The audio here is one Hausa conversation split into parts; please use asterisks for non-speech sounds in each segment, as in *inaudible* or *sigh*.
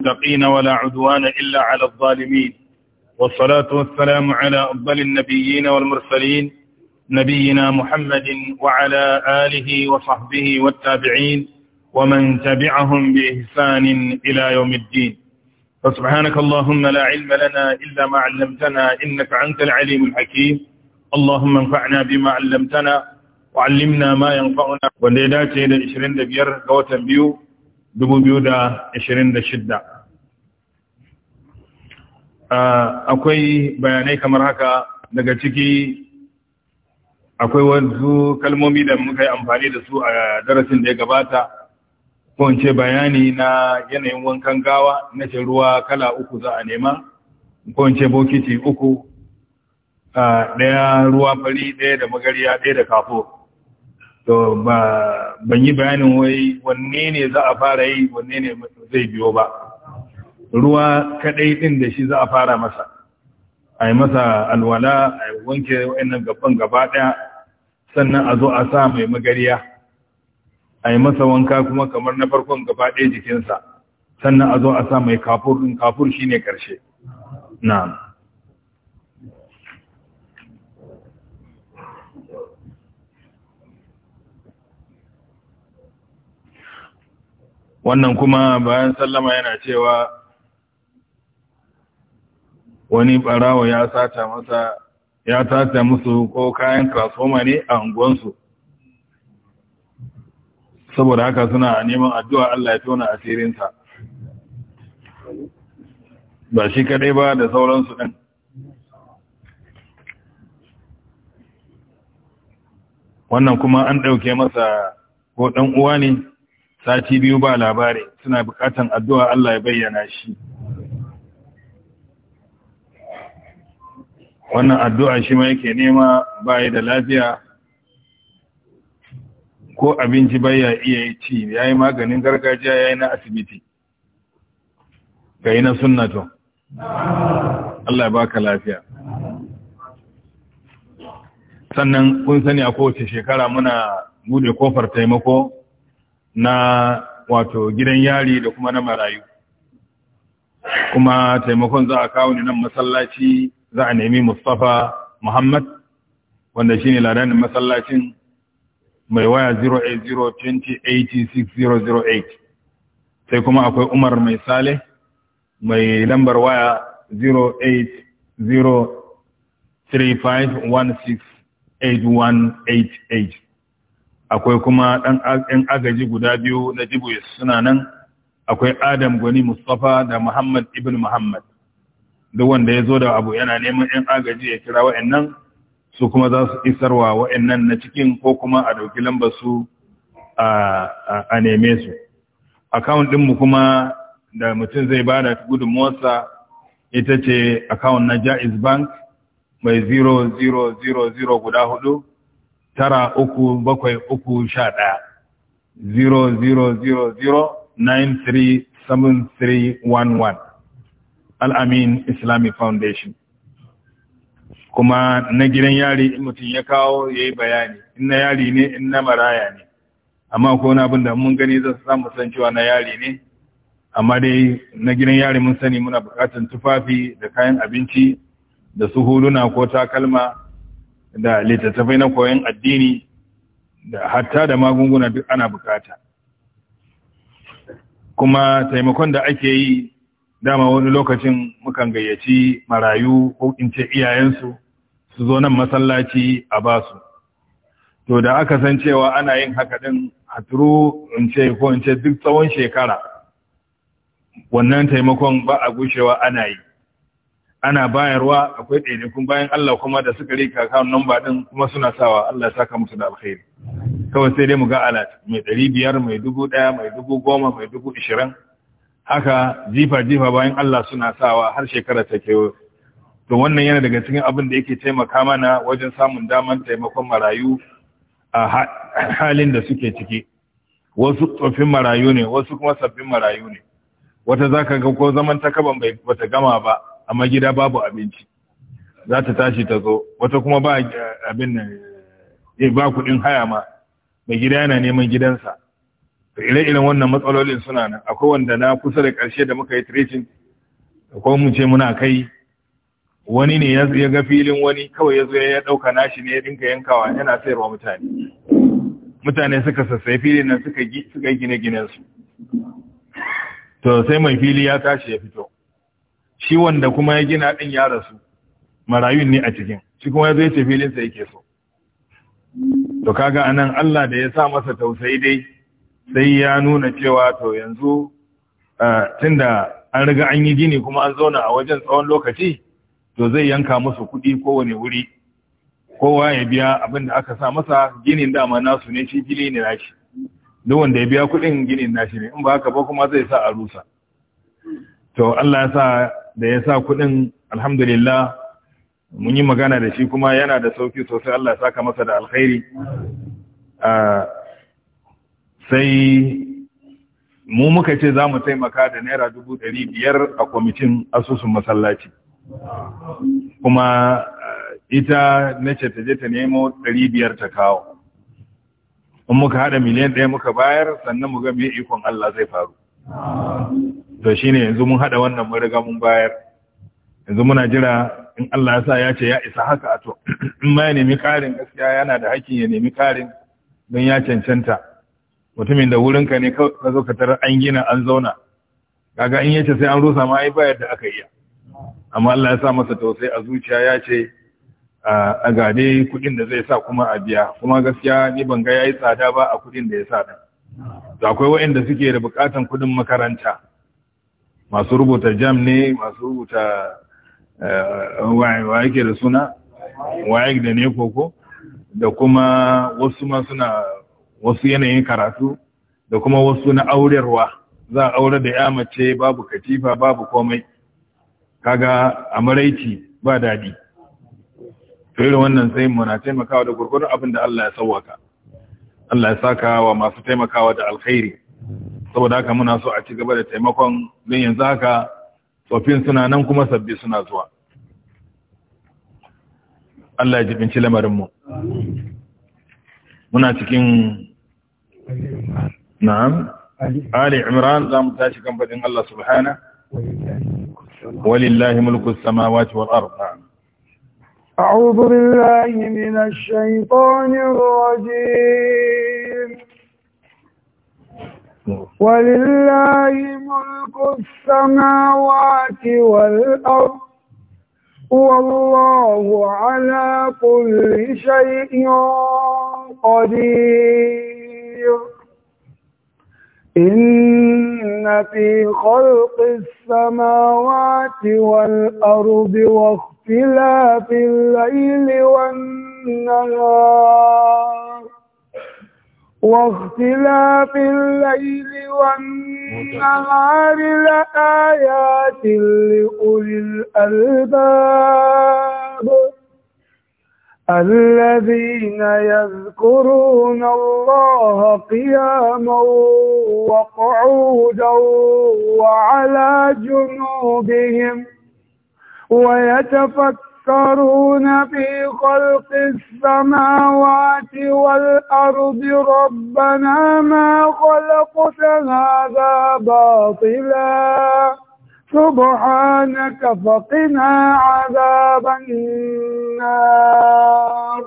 المتقين ولا عدوان إلا على الظالمين والصلاة والسلام على أفضل النبيين والمرسلين نبينا محمد وعلى آله وصحبه والتابعين ومن تبعهم بإحسان إلى يوم الدين فسبحانك اللهم لا علم لنا إلا ما علمتنا إنك أنت العليم الحكيم اللهم انفعنا بما علمتنا وعلمنا ما ينفعنا وليلاتي إلى 25 ga watan biyu 2026 akwai bayanai kamar haka daga ciki akwai wasu kalmomi da muka yi amfani da su a darasin da ya gabata ko bayani na yanayin wankan gawa na ce ruwa kala uku za a nema ko bokiti uku ɗaya ruwa fari ɗaya da magariya ɗaya da kafo to ba ban yi bayanin wai wanne ne za a fara yi wanne ne zai biyo ba ruwa kadai din da shi za a fara masa a yi masa alwala a yi wanke wa'annan gaban gaba daya sannan a zo a sa mai magariya a yi masa wanka kuma kamar na farkon gaba daya jikinsa sannan a zo a sa mai kafur din kafur shine karshe na'am wannan kuma bayan sallama yana cewa wani barawo ya sata masa ya sata musu ko kayan transforma ne a unguwansu saboda haka suna neman addu'a Allah ya tona asirinsa ba shi kadai ba da sauransu ɗin wannan kuma an ɗauke masa ko ɗan uwa ne sati biyu ba labari suna bukatan addu'a Allah ya bayyana shi wannan addu'a shi ma yake nema baya da lafiya ko abinci baya iya ci ya yi maganin gargajiya ya yi na asibiti ga yi na sunnato. Allah ya baka lafiya sannan kun sani a kowace shekara muna bude kofar taimako na wato gidan yari da kuma na marayu kuma taimakon za a kawo ni nan masallaci za a nemi Mustapha Muhammad wanda shi ne ladanin masallacin mai waya 08020806008 sai kuma akwai Umar mai Sale mai lambar waya 08035168188 akwai kuma ɗan agaji guda biyu na jibu suna nan akwai adam gwani mustapha da muhammad ibn muhammad duk wanda ya zo da abu yana neman ɗan agaji ya kira wa'annan su kuma za su isarwa wa'annan na cikin ko kuma a ɗauki lambar su a neme su akawun ɗinmu kuma da mutum zai ba da gudunmuwarsa ita ce akawun na jaiz bank mai 0000 guda hudu tara uku bakwai uku sha ɗaya zero zero zero zero nine three seven three one one al'amin islamic foundation kuma na gidan yari in mutum ya kawo ya yi bayani in na yari ne in na maraya ne amma ko na abin da mun gani zan samu san cewa na yari ne amma dai na gidan yari mun sani muna bukatar tufafi da kayan abinci da su huluna ko takalma da littattafai na koyon addini da hatta da magunguna duk ana bukata kuma taimakon da ake yi dama wani lokacin mukan gayyaci marayu ko in ce iyayensu su zo nan masallaci a basu to da aka san cewa ana yin haka din haturu in ce ko in ce duk tsawon shekara wannan taimakon ba a gushewa ana yi ana bayarwa akwai ɗaiɗaikun bayan Allah kuma da suka rika akawun namba ɗin kuma suna sawa Allah ya saka musu da alkhairi kawai sai dai mu ga alat mai ɗari biyar mai dubu ɗaya mai dubu goma mai dubu ishirin haka jifa jifa bayan Allah suna sawa har shekara ta kewa to wannan yana daga cikin abin da yake taimaka mana wajen samun daman taimakon marayu a halin da suke ciki wasu tsoffin marayu ne wasu kuma sabbin marayu ne wata za ga ko zaman takaban bai bata gama ba amma gida babu abinci za ta tashi ta zo wata kuma ba abin nan eh, ba kuɗin haya ma mai gida yana neman gidansa to ire-iren wannan matsalolin suna nan akwai wanda na kusa da karshe da muka yi tracing Akwai mu ce muna kai wani ne ya ga filin wani kawai ya zo ya ɗauka nashi ne ya dinka yankawa yana sayarwa mutane mutane suka sassai filin nan suka yi gine su. to sai mai fili ya tashi ya fito shi wanda kuma ya gina ɗin ya rasu marayun ne a cikin shi kuma ya zo ya ce filinsa sa yake so to kaga anan Allah da ya sa masa tausayi dai sai ya nuna cewa to yanzu tunda an riga an yi gini kuma an zauna a wajen tsawon lokaci to zai yanka musu kuɗi kowane wuri kowa ya biya abin da aka sa masa ginin dama nasu ne shi fili ne nashi duk wanda ya biya kuɗin ginin nashi ne in ba haka ba kuma zai sa a rusa to Allah ya sa da ya sa kuɗin alhamdulillah mun yi magana da shi kuma yana da sauki sosai Allah ya saka masa da alkhairi sai mu muka ce za mu taimaka da naira dubu ɗari biyar a kwamitin asusun masallaci kuma ita na ce ta je ta nemo ɗari biyar ta kawo in muka haɗa miliyan ɗaya muka bayar sannan mu ga mai ikon Allah zai faru to ne yanzu mun haɗa wannan mun riga mun bayar yanzu muna jira in Allah ya sa ya ce ya isa haka to *clears throat* in ma ya nemi karin gaskiya yana da hakkin ya nemi karin don ya cancanta mutumin da wurinka ne ka zo ka tarar an gina an zauna kaga in yace sai an rusa ma ai bayar da aka iya amma Allah ya sa masa tausayi a zuciya ya ce a gade kudin da zai sa kuma a biya kuma gaskiya ni ban ga yayi tsada ba a kuɗin da ya sa din to akwai waɗanda suke da bukatan kudin makaranta masu rubuta jam ne masu rubuta eh, wa yake da suna yake da ne koko da kuma wasu ma suna wasu yanayin karatu da kuma wasu na aurewa. za a aure da ya mace babu katifa babu komai kaga a maraici ba daɗi fere wannan sai muna taimakawa da gurgurin abin da Allah ya sauwaka Allah ya saka wa masu taimakawa da alkhairi saboda haka muna so a ci gaba da taimakon don yanzu haka tsofin suna nan kuma sabbi suna zuwa Allah ya binci lamarinmu muna cikin na'am Ali Imran za mu tashi kan fadin Allah subhana walillahi mulku samawati wal ardh أعوذ بالله من الشيطان الرجيم ولله ملك السماوات والأرض والله على كل شيء قدير إن في خلق السماوات والأرض واختلاف الليل والنهار واختلاف الليل والنهار لآيات لأولي الألباب الذين يذكرون الله قياما وقعودا وعلى جنوبهم ويتفكرون يفترون في خلق السماوات والأرض ربنا ما خلقت هذا باطلا سبحانك فقنا عذاب النار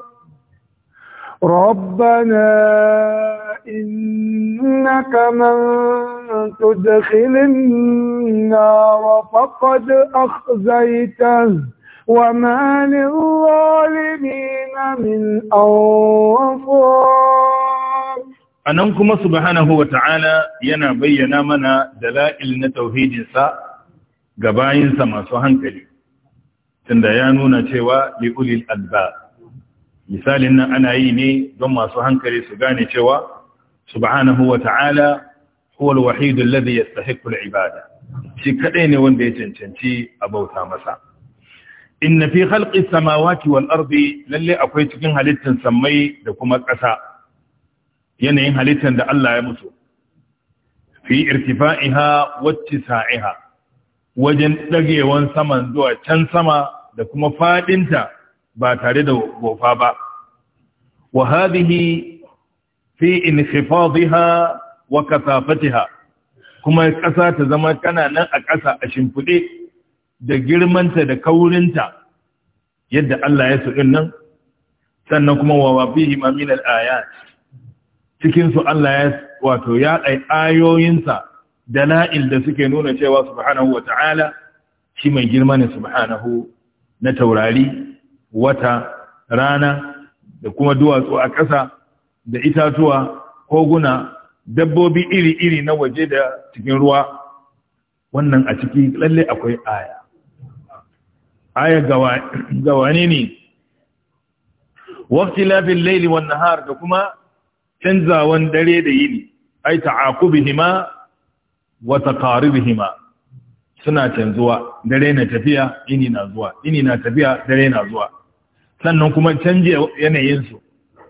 ربنا إنك من تدخل النار فقد أخزيته وما للظالمين من أنصار anan kuma subhanahu wata'ala yana bayyana mana dala'il na tauhidinsa ga bayinsa masu hankali tunda ya nuna cewa liulil alba misalin nan ana yi ne don masu hankali su gane cewa subhanahu wata'ala huwal wahidul ladhi yastahiqu al ibada shi kadai ne wanda ya cancanci a bauta masa inna fi khalqi samawati wal ardi lalle akwai cikin halittan sammai da kuma ƙasa yanayin halittar da Allah ya musu fi irtifa'iha sa'iha. wajen dagewan saman zuwa can sama da kuma fadinta ba tare da gofa ba wa hadhihi fi inkhifadhiha wa kasafatiha kuma ƙasa ta zama ƙananan nan a ƙasa a shimfiɗe da girmanta da kaurinta yadda Allah ya suɗin nan sannan kuma wa wafihi al'ayat cikinsu Allah ya wato ya ɗai ayoyinsa da na'il da suke nuna cewa subhanahu wa ta'ala shi mai girma ne subhanahu na taurari wata rana da kuma duwatsu a ƙasa da itatuwa koguna dabbobi iri-iri na waje da cikin ruwa wannan a ciki lalle akwai aya aya ga wane ne wakti lafin laili wa nahar da kuma canzawan dare da yini ai ta'aqubihima wa hima, suna canzuwa dare na tafiya yini na zuwa yini na tafiya dare na zuwa sannan kuma canje yanayin su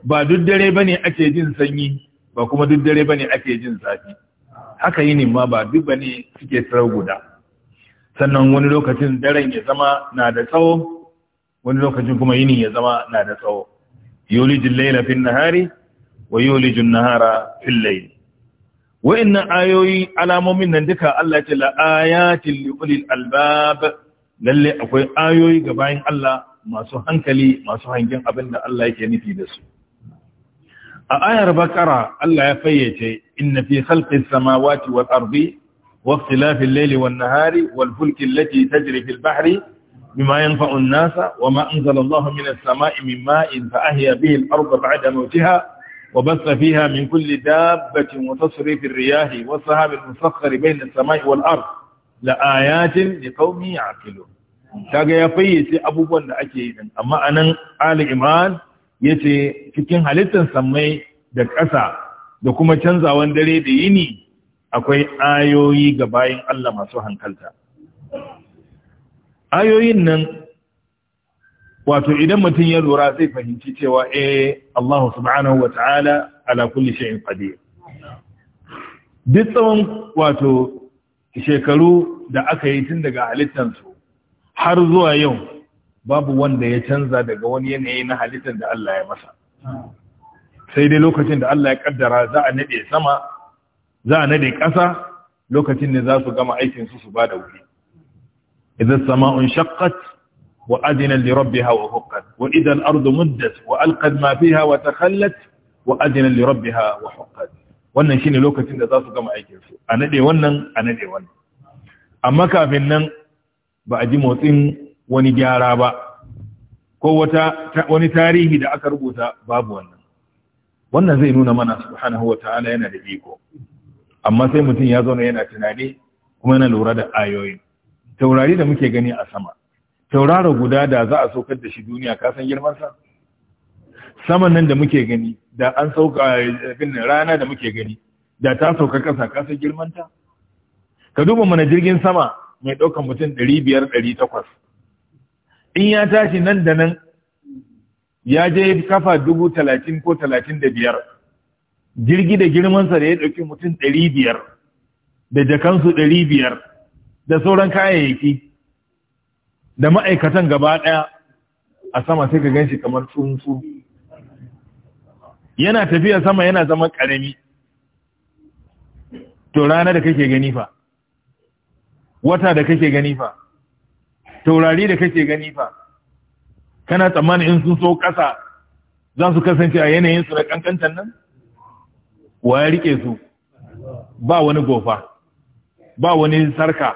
ba duk dare bane ake jin sanyi ba kuma duk dare bane ake jin zafi haka yini ma ba duk bane suke tsara guda sannan wani lokacin daren ya zama na da tsawo wani lokacin kuma yini ya zama na da tsawo yulijin laila fin nahari wa yulijin nahara fil layl wa'annan ayoyi alamomin nan duka Allah ya ce la ayatin li ulil albab lalle akwai ayoyi ga bayan Allah masu hankali masu hangen abin da Allah yake nufi da su a ayar bakara Allah ya fayyace inna fi khalqis samawati wal ardi واختلاف الليل والنهار والفلك التي تجري في البحر بما ينفع الناس وما أنزل الله من السماء من ماء فأهيا به الأرض بعد موتها وبث فيها من كل دابة وتصريف الرياح والسحاب المسخر بين السماء والأرض لآيات لقوم يعقلون kaga ya fayyace abubuwan da ake yi amma anan Ali Imran yace cikin halittar samai da ƙasa da kuma canzawan dare da yini akwai ayoyi ga bayan Allah masu hankalta ayoyin nan wato idan mutum ya lura zai fahimci cewa eh Allah subhanahu wata'ala ala kulli shay'in qadir duk tsawon wato shekaru da aka yi tun daga halittansu har zuwa yau babu wanda ya canza daga wani yanayi na halittar da Allah ya masa sai dai lokacin da Allah ya kaddara za a naɗe sama za a nade ƙasa lokacin ne za su gama aikin su su ba da wuri idan sama'un shaqqat wa adina li rabbiha wa huqqat wa idan ardu muddat wa alqad ma fiha wa takhallat wa li wannan shine lokacin da za su gama aikin su a nade wannan a nade wannan amma kafin nan ba a ji motsin wani gyara ba ko wata wani tarihi da aka rubuta babu wannan wannan zai nuna mana subhanahu wa ta'ala yana da iko amma sai mutum ya zauna yana tunani kuma yana lura da ayoyin taurari da muke gani a sama tauraro guda da za a saukar da shi duniya ka san girman sa saman nan da muke gani da an sauka bin rana da muke gani da ta sauka kasa ka san girman ka duba mana jirgin sama mai ɗaukar mutum 500 takwas. in ya tashi nan da nan ya je kafa dubu talatin ko talatin da biyar jirgi da girmansa da ya ɗauki mutum ɗari biyar da jakansu ɗari biyar da sauran kayayyaki da ma'aikatan gaba ɗaya a sama sai ka gan shi kamar tsuntsu yana tafiya sama yana zama ƙarami to rana da kake gani fa wata da kake gani fa taurari da kake gani fa kana tsammanin in sun so ƙasa za su kasance a yanayinsu na ƙanƙantar nan wa ya rike su ba wani gofa ba wani sarka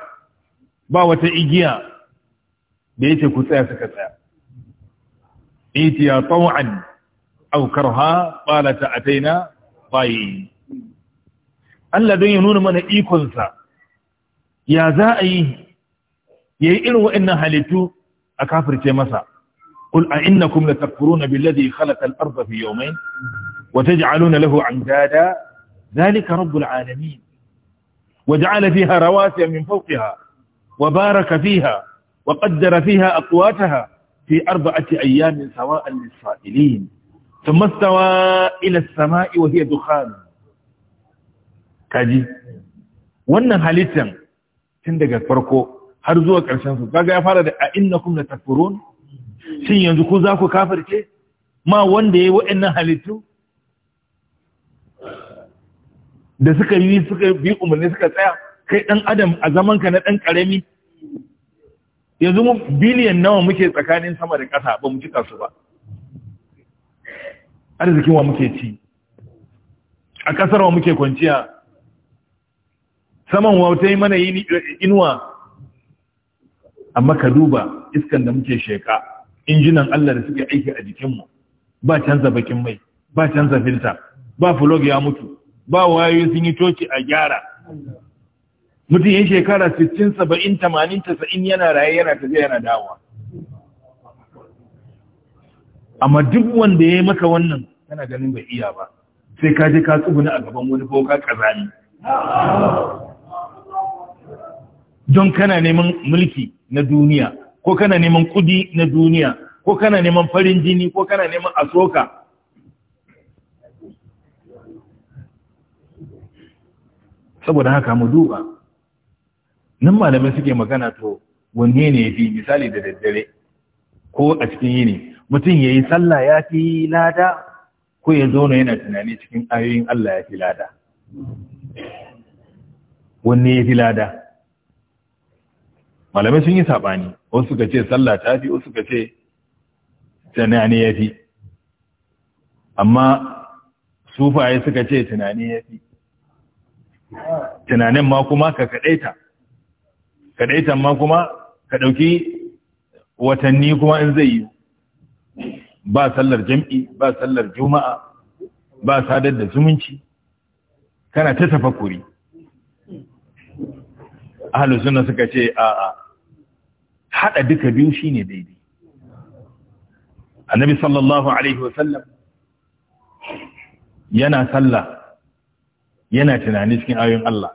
ba wata igiya da yake ku tsaya suka tsaya itiya taw'an aw karha qalat ataina tayi Allah don ya nuna mana ikonsa. ya za a yi yayi irin wa'annan halittu a kafirce masa qul a innakum latakfuruna billadhi khalaqa al-ardha fi yawmayn وتجعلون له عندادا ذلك رب العالمين وجعل فيها رواسي من فوقها وبارك فيها وقدر فيها أقواتها في أربعة أيام سواء للصائلين ثم استوى إلى السماء وهي دخان كذي وانا halittan tun daga farko har zuwa ƙarshen يا kaga أئنكم لتكفرون da a innakum كافر shin ما وان za وانا kafirce da suka yi suka bi umarni suka tsaya kai dan adam a zaman ka na dan karami yanzu mu biliyan nawa muke tsakanin sama da ƙasa ba mu cika su ba arzikin wa muke ci a ƙasar wa muke kwanciya saman yi mana yi inuwa amma ka duba iskan da muke sheka injinan Allah da suke aiki a jikinmu ba canza bakin mai ba canza filta ba fulog ya mutu ba wayoyi sun yi coci a gyara mutum yin shekara 60 70 80 90 yana raye yana tafiya yana dawa amma duk wanda ya yi maka wannan kana ganin bai iya ba sai ka ji ka tsuguna a gaban wani boka kazani don kana neman mulki na duniya ko kana neman kudi na duniya ko kana neman farin jini ko kana neman asoka saboda haka mu duba nan malamai suke magana to wanne ne ya fi misali da daddare ko a cikin yini mutum ya yi sallah ya fi lada ko ya zauna yana tunani cikin ayoyin Allah ya fi lada wanne ya fi lada malamai sun yi saɓani wasu suka ce sallah ta fi wasu suka ce tunani ya fi amma sufaye suka ce tunani ya fi tunanin ma kuma ka kadaita kadaitan ma kuma ka dauki watanni kuma in zai yi ba sallar jam'i ba sallar juma'a ba sadar da zumunci kana ta tafakuri ahalus sunna suka ce a'a Haɗa duka biyu shine daidai annabi sallallahu alaihi wasallam yana sallah yana tunani cikin ayoyin Allah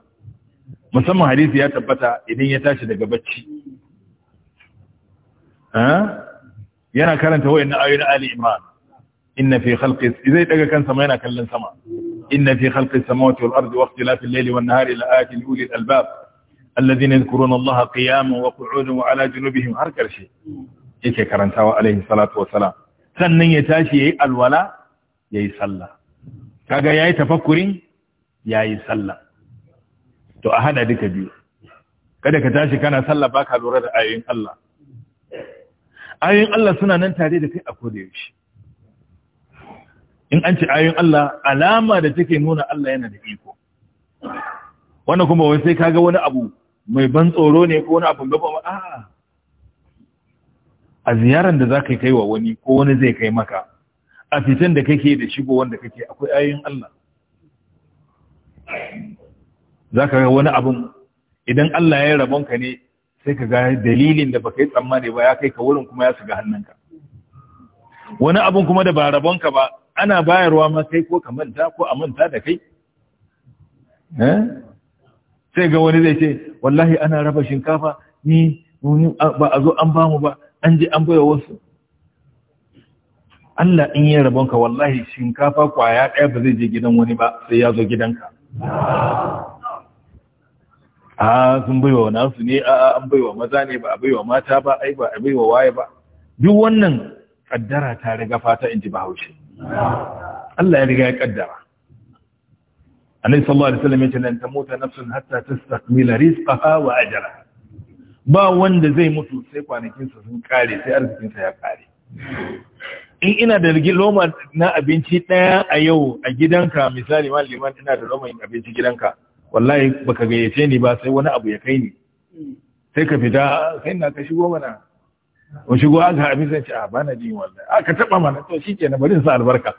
musamman hadisi ya tabbata idan ya tashi daga bacci yana karanta wayannan ayoyin Ali Imran inna fi khalqi zai daga kan sama yana kallon sama inna fi khalqi samawati wal ardi wa ikhtilafi al-layli wan nahari la ayatin li ulil albab alladhina yadhkuruna Allah qiyaman wa qu'udan wa ala junubihim har karshe yake karantawa alaihi salatu Salam. sannan ya tashi yayi alwala yayi sallah kaga yayi tafakkurin ya yi sallah to a hada duka biyu kada ka tashi kana sallah ba ka lura da ayoyin Allah ayoyin Allah suna nan tare da kai a kodayaushe in an ce ayoyin Allah alama da take nuna Allah yana da iko wannan kuma wai sai kaga wani abu mai ban tsoro ne ko wani abu gaba a a ziyarar da za ka kai wa wani ko wani zai kai maka a fitan da kake da shigo wanda kake akwai ayoyin Allah za ka ga wani abin idan Allah ya rabon ka ne sai ka ga dalilin da baka yi tsammani ba ya kai ka wurin kuma ya shiga hannunka wani abin kuma da ba rabon ka ba ana bayarwa ma kai ko ka manta ko a manta da kai eh? sai ga wani zai ce wallahi ana raba shinkafa ni ba a zo an ba mu ba an je an baiwa wasu Allah in yi rabonka wallahi shinkafa kwaya ɗaya ba zai je gidan wani ba sai ya zo gidanka a sun baiwa nasu ne a an baiwa maza ne ba a baiwa mata ba ai ba a baiwa waye ba duk wannan kaddara ta riga fata in ji bahaushe Allah ya riga ya kaddara Annabi sallallahu alaihi wasallam yace lan tamuta nafsun hatta tastakmila rizqaha wa ajra ba wanda zai mutu sai kwanakin sa sun kare sai arzikin sa ya kare in ina da loma na abinci ɗaya a yau a gidanka misali ma liman ina da loma abinci gidanka wallahi baka gayyace ni ba sai wani abu ya kai ni sai ka fita sai na ka shigo mana ko shigo an ka abin sai ce a bana jin wallahi a ka taba mana to na bari sa albarka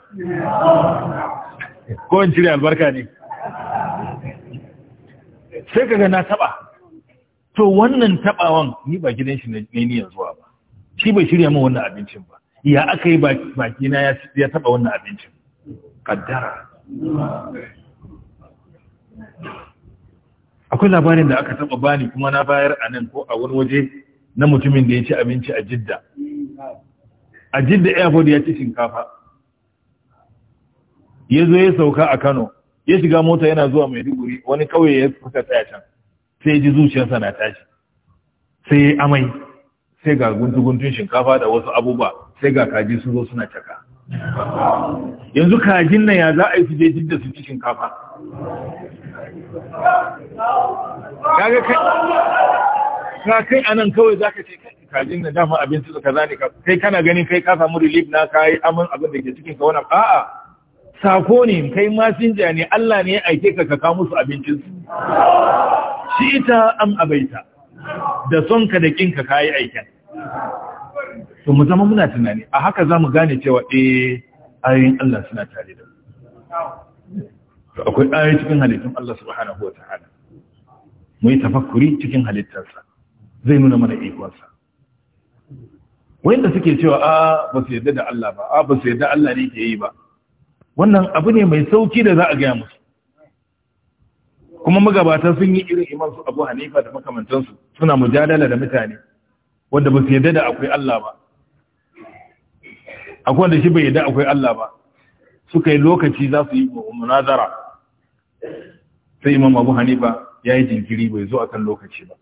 ko in cire albarka ne sai kaga na taba to wannan tabawan ni ba gidan shi ne ni yanzu ba shi bai shirya min wannan abincin ba ya aka yi baki na ya taba wannan abincin kaddara akwai labarin da aka taba bani kuma na bayar a nan ko a wani waje na mutumin da ya ci abinci a jidda a jidda airport ya ci shinkafa ya zo ya sauka a kano ya shiga mota yana zuwa mai maiduguri wani kauye ya kusa tsaya can sai ji zuciyarsa na tashi sai amai sai ga guntun shinkafa da wasu abubuwa sai ga kaji sun zo suna caka yanzu kajin nan ya za a yi su je jidda su cikin kafa? kaga ka kai a nan kawai za ka ce kajin nan dama abinci suka zane ka kai kana ganin kai ka samu relief na yi amin abin da ke cikin ka wannan a'a sako ne kai masinja ne Allah ne ya aike ka ka kawo musu abincin su shi ita am abaita da son ka da kinka kayi aiken to mu zama muna tunani a haka za mu gane cewa e ayoyin Allah suna tare da mu to akwai ayoyi cikin halittun Allah subhanahu ta'ala mu yi tafakkuri cikin halittarsa zai nuna mana ikonsa wanda suke cewa a ba su yarda da Allah ba a ba su yarda Allah ne ke yi ba wannan abu ne mai sauki da za a gaya musu kuma magabata sun yi irin iman su Abu Hanifa da makamantansu suna mujadala da mutane wanda ba su yarda da akwai Allah ba akwai da shi bai yadda akwai Allah ba suka yi lokaci za su yi munazara sai imam abu hanifa ya yi jinkiri bai zo akan lokaci ba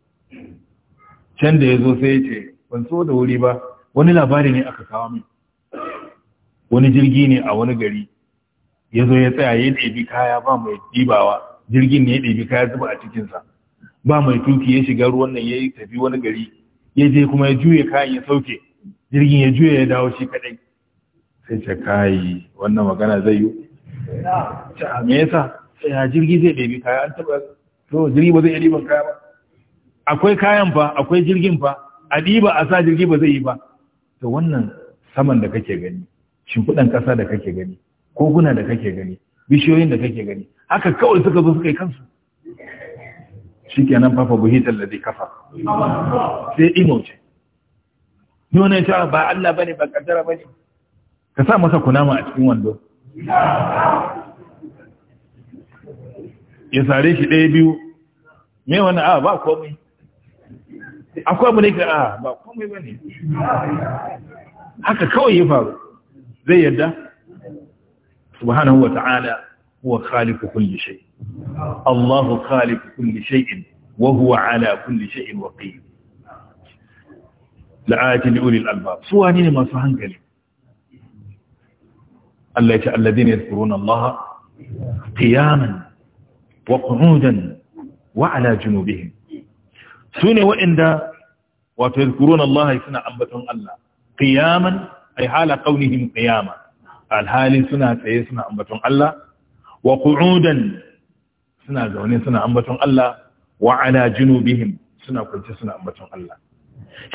can da ya zo sai ya ce ban so da wuri ba wani labari ne aka kawo min wani jirgi ne a wani gari ya zo ya tsaya ya ɗebi kaya ba mai ɗibawa jirgin ne ya ɗebi kaya zuba a cikinsa ba mai tuki ya shiga ruwan nan ya yi tafi wani gari ya je kuma ya juye kayan ya sauke jirgin ya juya ya dawo shi kaɗai sai ce kai wannan magana zai yi "A me yasa ya jirgi zai ɗebi kaya an taba to jirgi ba zai iya kaya ba akwai kayan fa akwai jirgin fa a diba a sa jirgi ba zai yi ba to wannan saman da kake gani shimfiɗan ƙasa da kake gani koguna da kake gani bishiyoyin da kake gani haka kawai suka zo suka yi kansu shi kenan fafa buhitar da zai kafa sai imo ce Nuna ya ba Allah ba ne ba kaddara ba ne ka sa masa kunama a cikin wando ya sare shi ɗaya biyu me wani a ah, ba komai akwai abu ne ka a ba komai ba ne haka kawai ya faru zai yadda subhanahu wa ta'ala huwa khaliqu kulli shay Allahu khaliqu kulli shay'in wa huwa ala kulli shay'in waqif la'ati li ulil albab su wani ne masu hankali Allah ya ce alladhina yadhkuruna Allah qiyaman wa qu'udan wa ala junubihim sune waɗanda wato yadhkuruna Allah suna ambaton Allah ƙiyaman ay hala qawnihim qiyama alhalin suna tsaye suna ambaton Allah wa qu'udan suna zaune suna ambaton Allah wa ala junubihim suna kwance suna ambaton Allah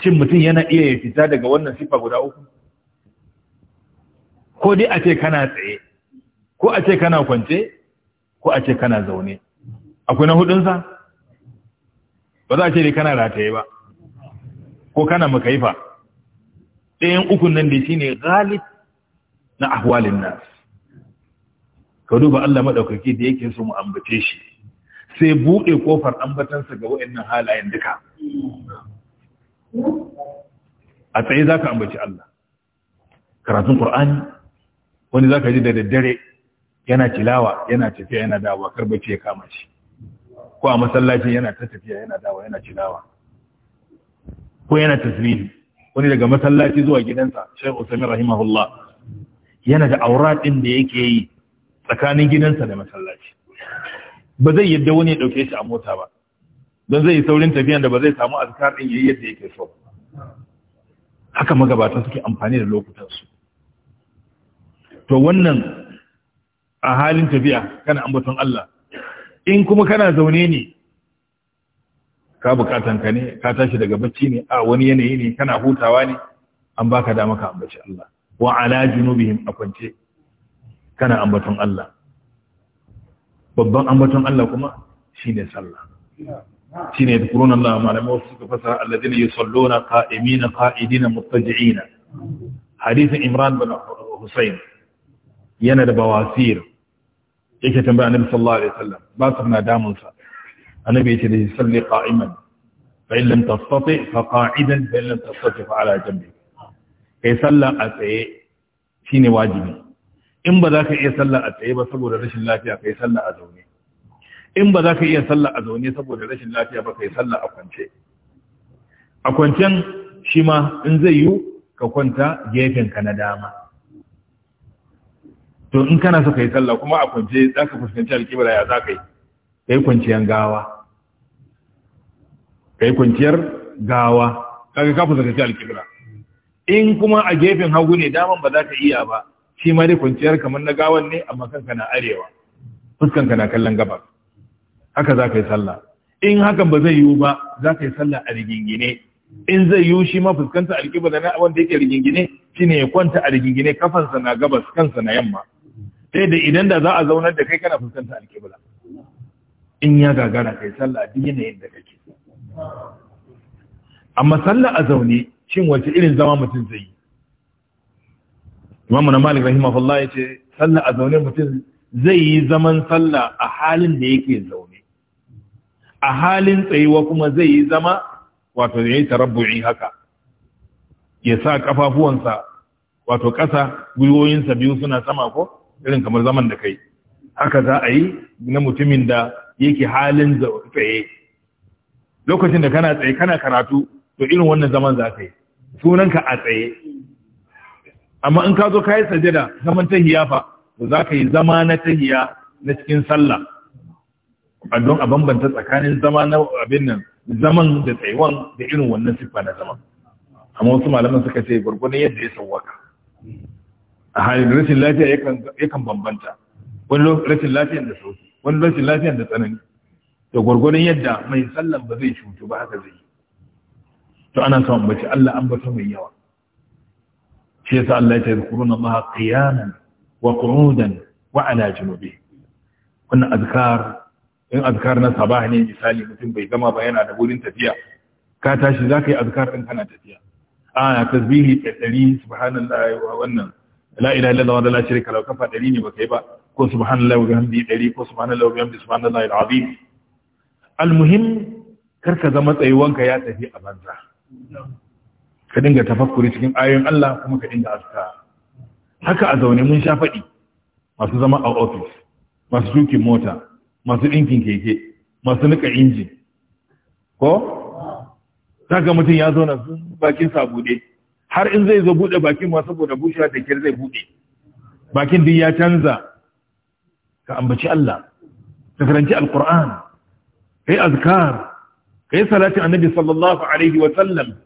shin mutum yana iya ya fita daga wannan sifa guda uku ko dai a ce kana tsaye ko a ce kana kwance ko a ce kana zaune akwai na hudunsa ba za a ce dai kana rataye ba ko kana makaifa ɗayan ukun nan da shi ne galib na ahwalin nas ka duba Allah maɗaukaki da yake so mu ambace shi sai buɗe ƙofar ambatansa ga wa'annan halayen duka a tsaye za ka ambaci Allah karatun ƙur'ani wani zaka ji da daddare yana tilawa yana tafiya yana dawa kar bace ya kama shi ko a masallaci yana ta tafiya yana dawa yana tilawa ko yana tasbihi wani daga masallaci zuwa gidansa Sheikh Usman rahimahullah yana da auratin da yake yi tsakanin gidansa da masallaci ba zai yadda wani ya dauke shi a mota ba don zai yi saurin tafiyan da ba zai samu azkar din yayi yadda yake so haka magabata suke amfani da lokutan to wannan a halin tafiya kana ambaton Allah in kuma kana zaune ne ka bukatanka ne ka tashi daga bacci ne a wani yanayi ne kana hutawa ne an baka dama ka ambaci Allah wa ala junubihim a kwance kana ambaton Allah babban ambaton Allah kuma shine sallah shine yadkuruna Allah malamai wasu suka fasara alladhina yusalluna qa'imina qa'idina muttaji'ina hadisin Imran bin Husayn yana da bawasir yake tambaya annabi sallallahu alaihi wasallam ba su na damun sa annabi yace da salli qa'iman fa in lam tastati fa qa'idan fa in lam tastati fa ala jambi kai sallah a tsaye shine wajibi in ba za ka iya sallah a tsaye ba saboda rashin lafiya kai sallah a zaune in ba za ka iya sallah a zaune saboda rashin lafiya ba kai sallah a kwance a kwancen shi ma in zai yiwu ka kwanta gefen ka na dama to in kana so ka yi sallah kuma a kwance za ka fuskanci alƙibla ya za ka yi ka yi kwanciyar gawa ka yi kwanciyar gawa kaga ka fuskanci alƙibla in kuma a gefen hagu ne daman ba za ka iya ba shi ma dai kwanciyar kamar na gawan ne amma kanka na arewa fuskanka na kallon gabas haka za ka yi sallah in hakan ba zai yiwu ba za ka yi sallah a rigingine in zai yiwu shi ma fuskanta alƙibla na wanda yake rigingine shine ya kwanta a rigingine kafansa na gabas kansa na yamma sai da idan da za a zaunar da kai kana fuskanta alƙibla in ya gagara kai sallah duk yanayin da kake amma sallah a zaune shin wace irin zama mutum zai yi imamu na malik rahimahullah ya ce sallah a zaune mutum zai yi zaman sallah a halin da yake zaune a halin tsayuwa kuma zai yi zama wato ya yi tarabbu'i haka ya sa kafafuwansa wato ƙasa gwiwoyinsa biyu suna sama ko irin kamar zaman da kai haka za a yi na mutumin da yake halin tsaye lokacin da kana tsaye kana karatu to irin wannan zaman za ka yi sunanka a tsaye amma in ka zo ka yi sajada zaman ta hiyafa to za ka yi zama na hiya na cikin sallah don a bambanta tsakanin zama na abin nan zaman da tsayuwan da irin wannan siffa na zaman amma wasu malaman suka ce gwargwadon yadda ya sauwaka a halin rashin lafiya yakan bambanta wani rashin lafiyan da sauki wani rashin lafiyan da tsanani da gwargwadon yadda mai sallan ba zai cutu ba haka zai to ana son bace Allah an bata mai yawa shi yasa Allah ya ce kuruna Allah qiyaman wa qu'udan wa ala junubi wannan azkar in azkar na sabah ne misali mutum bai gama ba yana da wurin tafiya ka tashi zaka yi azkar din kana tafiya a tasbihi 100 subhanallahi wa wannan la ilaha illallah wa la sharika lahu kafa dari ne baka yi ba ko subhanallahi wa bihamdihi dari ko subhanallahi wa bihamdihi subhanallahi alazim almuhim karka zama tsayuwanka ya tafi a banza ka dinga tafakkuri cikin ayoyin Allah kuma ka dinga aska haka a zaune mun sha faɗi masu zama a ofis masu tukin mota masu ɗinkin keke masu nika injin ko? ta ga mutum ya zo na bakin sabuɗe har in zai zo bude bakin ma saboda bushewa da kir zai bude, bakin din ya canza ka ambaci Allah ka karanci alkur'an ka yi azkar ka yi salatin annabi sallallahu alaihi wa sallam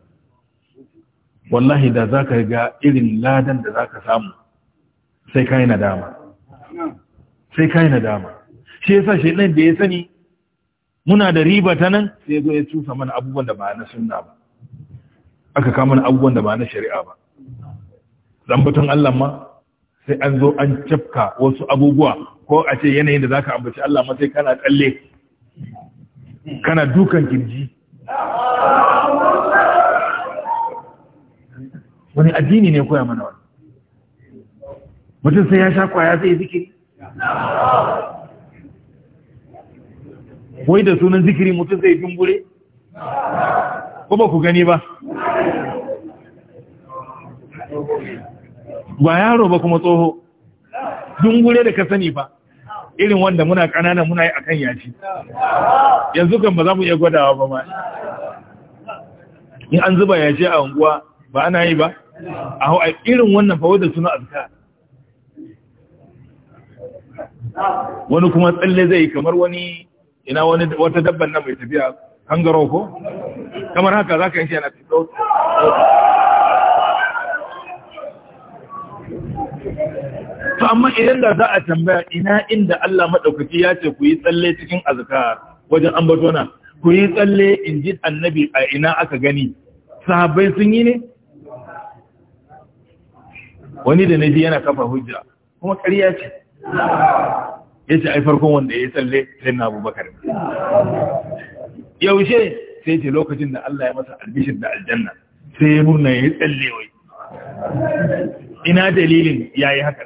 wallahi da za ga irin ladan da za ka samu sai ka yi nadama sai ka yi nadama shi yasa shi da ya sani muna da riba ta nan sai ya zo ya cusa mana abubuwan da ba na sunna ba aka kama na abubuwan da ba na shari'a ba zambaton Allah ma sai an zo an cafka wasu abubuwa ko a ce yanayin da zaka ambaci Allah ma sai kana tsalle kana dukan kirji wani addini ne koya mana wani mutum sai ya sha kwaya zai zikiri wai da sunan zikiri mutum zai dumbure ko ba ku gani ba ba yaro ba kuma tsoho dungure da ka sani ba irin wanda muna kanana muna yi akan yashi yanzu kan ba za mu iya gwadawa ba ma in an zuba yashi a unguwa ba ana yi ba a hau a irin wannan fawo da suna azkar wani kuma tsalle zai kamar wani ina wani wata dabban na mai tafiya kangaro ko kamar haka za ka yi shi yana fito to amma idan da za a tambaya ina inda Allah maɗaukaki ya ce ku yi tsalle cikin azkar wajen ambatona ku yi tsalle in ji annabi a ina aka gani sahabbai sun yi ne wani da na ji yana kafa hujja kuma ƙarya ce ya ce aifarkon farkon wanda ya yi tsalle sai na abubakar yaushe sai ce lokacin da Allah ya masa albishin da aljanna sai ya murna ya tsalle wai ina dalilin ya yi haka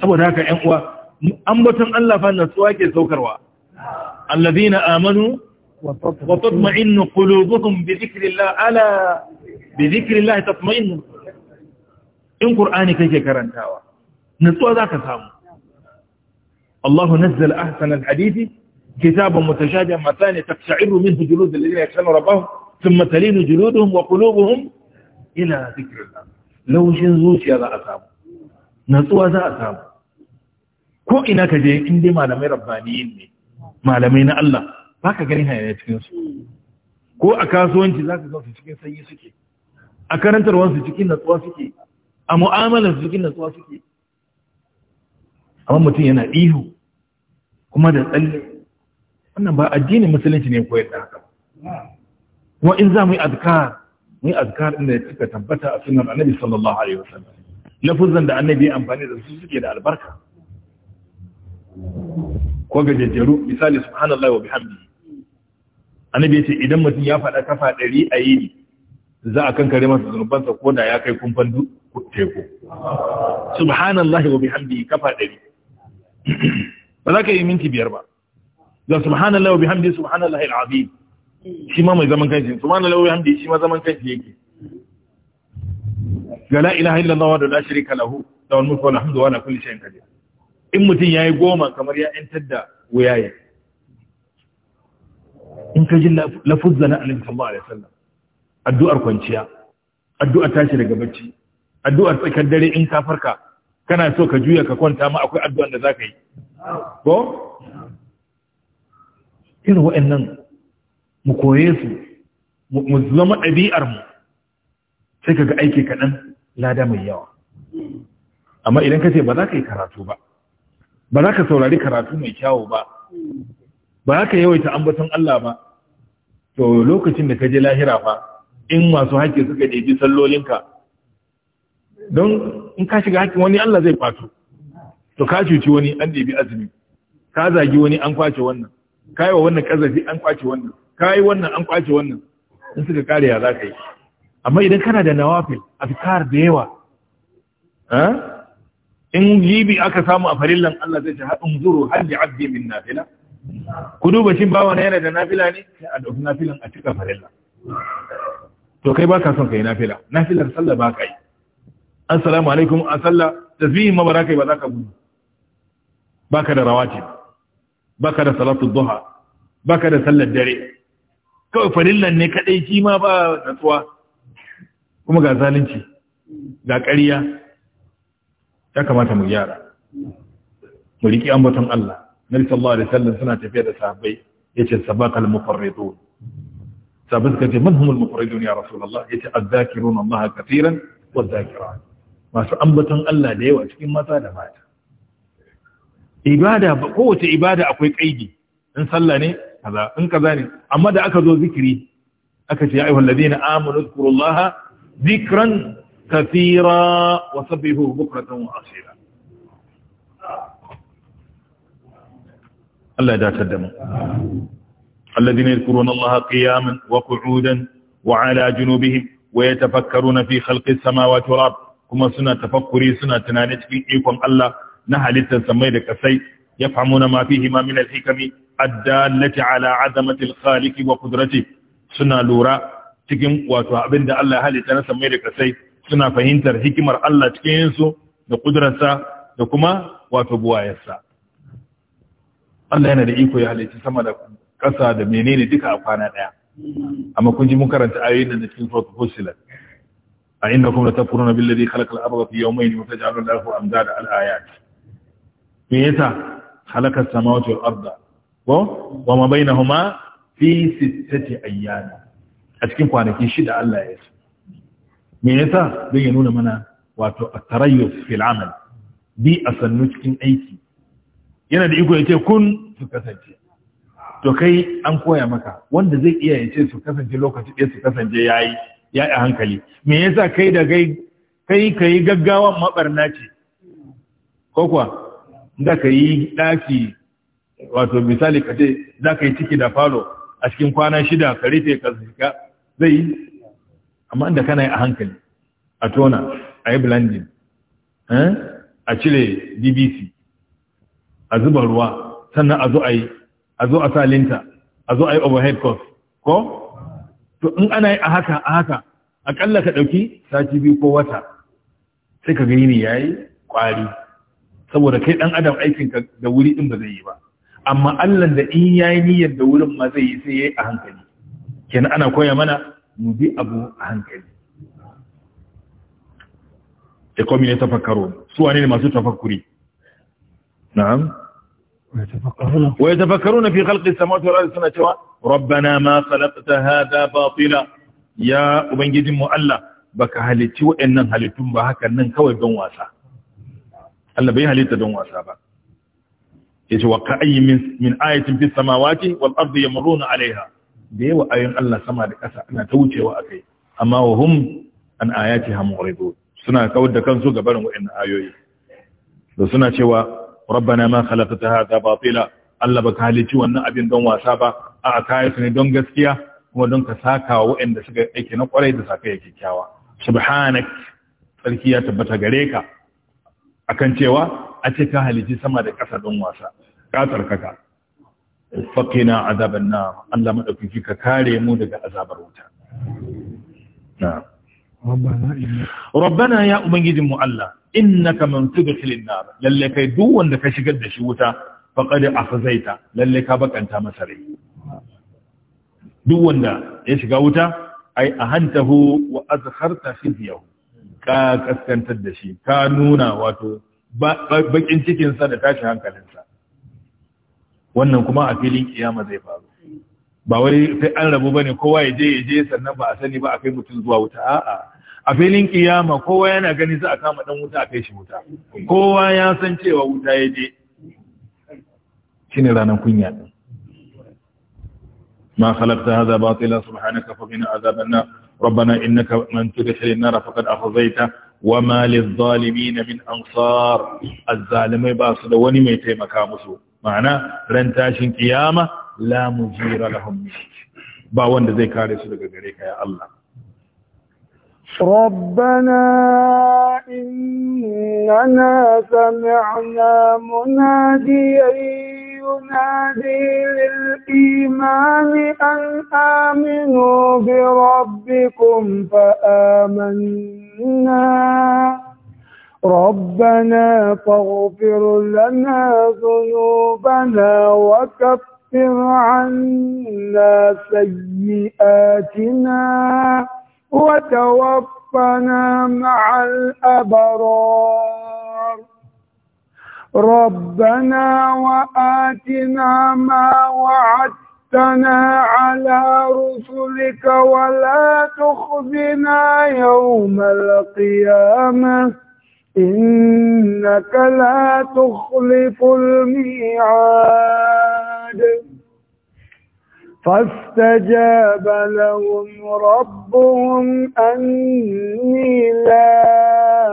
saboda haka 'yan uwa ambaton Allah fa natsuwa ke saukarwa alladhina amanu wa tatma'innu qulubuhum bi dhikrillah ala bi dhikrillah tatma'innu in qur'ani kake karantawa za ka samu الله نزل أحسن الحديث كتابا متشابها مثاني تقشعر منه جلود الذين يخشون ربهم ثم تلين جلودهم وقلوبهم إلى ذكر الله لو شنزوش يا ذا أسام ذا أسام ko ina ka je in malamai rabbaniyin ne malamai na Allah baka ganin hayaniya cikin su ko a kasuwanci zaka ga su cikin sanyi suke a karantarwar su cikin natsuwa suke a mu'amalar su natsuwa suke mutum yana ihu kuma da tsalle wannan ba addinin musulunci ne koyar da haka kuma in za mu yi azkar mu yi azkar inda ya cika tabbata a sunan annabi sallallahu alaihi wasallam lafuzan da annabi ya amfani da su suke da albarka ko gajejjeru misali subhanallahi wa bihamdi annabi ya ce idan mutum ya faɗa kafa ɗari a yini za a kankare masa zunubansa ko da ya kai kumfan teku subhanallahi wa bihamdi kafa ɗari ba za ka yi minti biyar ba da subhanallah wa bihamdi subhanallah al-azim shi ma mai zaman kanshi subhanallah wa bihamdi shi ma zaman kanshi yake ga la ilaha illallah wa la sharika lahu da wal mulku wal hamdu wa la kulli shay'in qadir in mutun yayi goma kamar ya yantar da wuyaye in ka ji lafuzza na annabi sallallahu alaihi wasallam addu'ar kwanciya addu'ar tashi daga bacci addu'ar tsakar dare in ka farka kana so ka juya ka kwanta ma akwai addu'ar da zaka yi ko irin wa'annan mu koye su mu zama ɗabi'ar mu sai ka ga aiki kaɗan lada mai yawa amma idan ka ce ba za ka yi karatu ba ba za ka saurari karatu mai kyawu ba ba za ka yawaita ambaton Allah ba to lokacin da ka je lahira fa in masu haƙƙi suka ɗebi sallolinka don in ka shiga haƙƙin wani Allah zai fatu. to ka cuci wani an ɗebi azumi ka zagi wani an kwace wannan ka yi wa wannan ƙazafi an kwace wannan ka yi wannan an kwace wannan in suka kare ya za ka yi amma idan kana da nawafil kar da yawa in jibi aka samu a farillan Allah zai ce haɗin zuru halli abdi min nafila ku duba shin bawa na yana da nafila ne sai a ɗauki nafilan a cika farilla to kai ba ka son ka yi nafila nafilar sallah ba ka yi assalamu alaikum a sallah tasbihin ma ba za ka yi ba za ka gudu baka da rawatib baka da salatu duha baka da sallar dare kawai farillan ne kadai shi ma ba natsuwa kuma ga zalunci ga ƙarya ya kamata mu gyara mu riki ambaton Allah nabi sallallahu alaihi wasallam suna tafiya da sahabbai yace sabaqal mufarridun sahabbai suka ce man humul mufarridun ya rasulullah yace azzakiruna Allah katiran wadh-dhakirat masu ambaton Allah da yawa cikin mata da mata ibada kowace ibada akwai kaidi in sallah ne kaza in kaza ne amma da aka zo zikiri aka ce ya ayyuhal ladina amanu zkurullaha zikran kathira wa sabbihu bukratan wa asira Allah ya dace da mu alladina yadhkuruna Allah qiyaman wa qu'udan wa ala junubihim wa yatafakkaruna fi khalqis samawati wal ard kuma suna tafakkuri suna tunani cikin ikon Allah na halittar samai da kasai ya famu na mafi hima min alhikami addallati ala azamatil khaliqi wa qudrati suna lura cikin wato abinda Allah ya halitta na samai da kasai suna fahimtar hikimar Allah cikin su da kudrarsa da kuma wato buwayarsa Allah yana da iko ya halitta sama da kasa da menene duka a kwana daya amma kun ji mun karanta ayoyin da cikin suratul fusilat a innakum latafkuruna billadhi khalaqal arda fi yawmayn wa taj'aluna lahu amdada al-ayat me yasa halakar samawati wal arda ko wa ma bainahuma fi sittati ayyam a cikin kwanaki shida Allah ya yi me yasa don ya nuna mana wato at-tarayyus fil amal bi asannu cikin aiki yana da iko yace kun su kasance to kai an koya maka wanda zai iya yace su kasance lokaci ɗaya su kasance yayi yayi a hankali me yasa kai da kai kai kai gaggawan mabarna ce ko kuwa da ka yi ɗaki wato misali ka ce za ka yi ciki da falo a cikin kwana shida ka rufe ka zika zai yi amma inda kana yi a hankali a tona a yi blending eh, a cire dbc a zuba ruwa sannan a zo a yi a zo a sa linta a zo a yi overhead cost ko? to in ana yi a haka a haka akalla ka ɗauki sati biyu ko wata sai ka gani ya yi ƙwari saboda kai dan adam aikin ka da wuri din ba zai yi ba amma Allah da in yayi niyyar da wurin ma zai yi sai yayi a hankali kenan ana koya mana mu bi abu a hankali da kuma ne tafakkaro su wane ne masu tafakkuri na'am wa yatafakkaruna fi khalqi samawati wal ardi suna cewa rabbana ma khalaqta hadha batila ya ubangijin mu Allah baka halicci waɗannan halittun ba hakan nan kawai don wasa Allah bai halitta don wasa ba yace wa ka'ayyi min min ayatin fis samawati wal ardi yamuruna alaiha da yawa ayoyin Allah sama da ƙasa ana ta wucewa a kai. amma wa hum an ayatiha mu'ridun suna kawar da kansu ga barin wa'annan ayoyi da suna cewa rabbana ma khalaqta hadha batila Allah baka halici wannan abin don wasa ba a kayi su ne don gaskiya kuma don ka saka wa wa'anda suka aiki na kwarai da saka ya kyakkyawa subhanak sarki ya tabbata gare ka akan cewa a ce ka halici sama da ƙasa don wasa ka tsarkaka faqina azaban nar Allah madaukaki ka kare mu daga azabar wuta rabbana ya ubangijin mu Allah innaka man tudkhilin nar lalle kai duk wanda ka shigar da shi wuta faqad afzaita lalle ka bakanta masa rai duk wanda ya shiga wuta ai ahantahu wa azkharta fiyahu ka kaskantar da shi ka nuna wato bakin cikinsa da tashi hankalinsa wannan kuma a filin kiyama zai faru ba wai sai an rabu bane kowa ya je ya je sannan ba a sani ba a kai mutum zuwa wuta a'a a filin kiyama kowa yana gani za a kama dan wuta a kai shi wuta kowa ya san cewa wuta ya je shine ranar kunya din ma khalaqta hadha batila subhanaka fa qina azabanna ربنا إنك من تدخل النار فقد أخذيته وما للظالمين من أنصار الظالمين باصد ونميت مكامسه معنى رنتاش قيامة لا مجير لهم منه باوند زي كاري صدق غريك يا الله ربنا إننا سمعنا مناديا ينادي للإيمان أن آمنوا بربكم فآمنا ربنا فاغفر لنا ذنوبنا وكفر عنا سيئاتنا وتوفنا مع الأبرار ربنا وآتنا ما وعدتنا على رسلك ولا تخزنا يوم القيامة إنك لا تخلف الميعاد فاستجاب لهم ربهم أني لا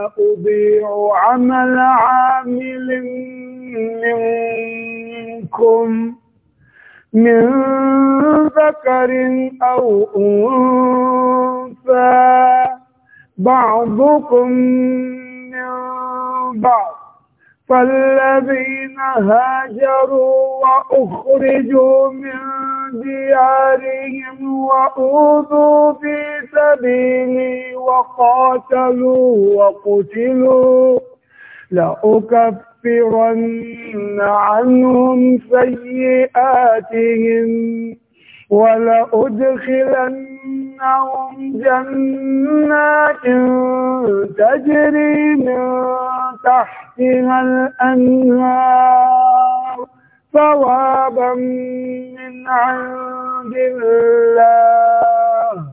أضيع عمل عامل منكم من ذكر أو أنثى بعضكم من بعض فالذين هاجروا وأخرجوا من ديارهم وأوذوا في سبيلي وقاتلوا وقتلوا لأكفرن عنهم سيئاتهم ولأدخلنهم جنات تجري من تحتها الأنهار ثوابا من عند الله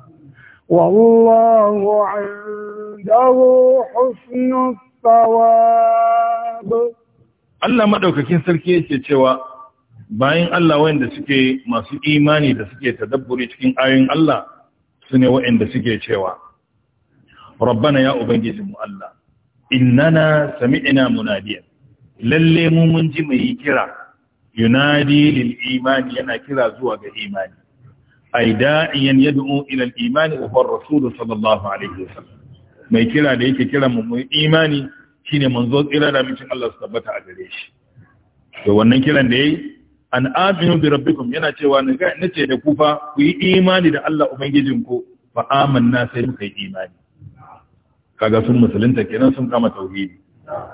والله عنده حسن الثواب Allah maɗaukakin sarki yake cewa bayan Allah waanda suke masu imani da suke tadabburi cikin ayoyin Allah sune wayanda suke cewa Rabbana ya ubangiji mu Allah innana samiina munadiyan lalle mu mun ji mai kira yunadi lil imani yana kira zuwa ga imani Ai da'iyan yad'u ila al imani wa huwa rasul sallallahu alaihi wasallam mai kira da yake kira mu imani shine manzo kira da mutum Allah su tabbata a gare shi to wannan kiran da yayi an aminu bi rabbikum yana cewa nace da kufa ku yi imani da Allah ubangijinku fa amanna sai muka yi imani kaga sun musulunta kenan sun kama tauhidi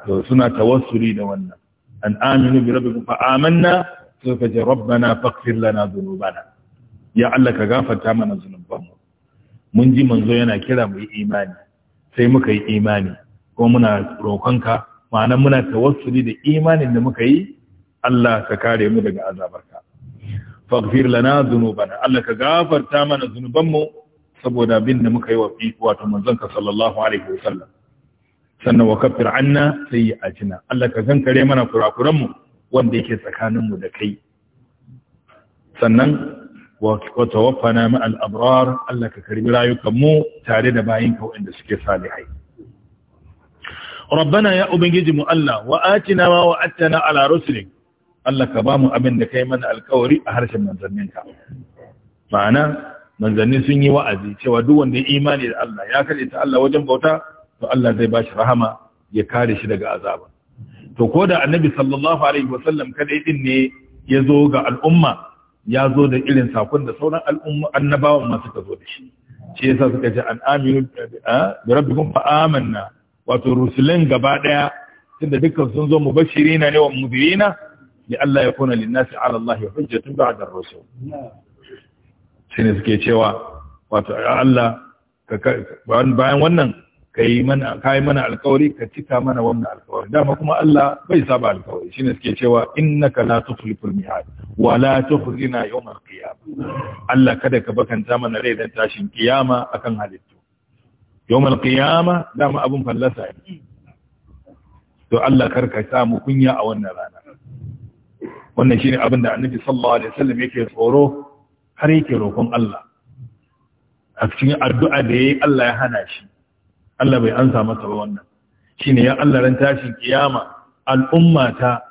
to suna tawassuli da wannan an aminu bi rabbikum fa amanna sai ka ce rabbana faghfir lana dhunubana ya Allah ka gafarta mana zunubanmu mun ji manzo yana kira mu yi imani sai muka yi imani ko muna roƙonka ma'ana muna tawassuli da imanin da muka yi Allah ka kare mu daga azabarka faghfir lana dhunubana Allah ka gafarta mana zunubanmu saboda abin da muka yi wa fi wato manzon ka sallallahu alaihi wasallam sannan wa kafir anna sayyi'atina Allah ka kankare mana kurakuran mu wanda yake tsakanin mu da kai sannan wa tawaffana ma al Allah ka karbi rayukanmu tare da bayin ka wanda suke salihai ربنا يا أبنجي مو الله وآتنا ما وعدتنا على رسلك Allah ka ba abin da kai mana alkawari a harshen manzanninka. Ma'ana, manzanni sun yi wa'azi cewa duk wanda ya imani da Allah ya kaɗe ta Allah wajen bauta to Allah zai shi rahama ya kare shi daga azaba to ko da annabi sallallahu alaihi wasallam kadai din ne ya zo ga al'umma ya zo da irin sakon da sauran annabawan masu ka zo da shi shi yasa suka ce an aminu eh, rabbi kun fa amanna wato rusulan gaba daya tunda dukkan sun zo mu mubashirina ne wa mudirina Ya Allah ya kuna lin nasi ala Allah hujjatun ba'da ar-rusul shine suke cewa wato Allah bayan wannan Ka yi mana alƙawari ka cika mana wannan alƙawari dama kuma Allah bai saba alƙawari shine suke cewa innaka la tufliful mihad wa la tukhzina yawm al-qiyamah Allah kada ka bakanta mana rai dan tashin kiyama akan halittu yawm al-qiyamah dama abun fallasa ne to Allah ka samu kunya a wannan rana wannan shine abin da Annabi sallallahu alaihi wasallam yake tsoro har yake roƙon Allah a cikin addu'a da yayi Allah ya hana shi Allah bai ansa masa ba wannan shine ya Allah ran tashin kiyama al'umma ta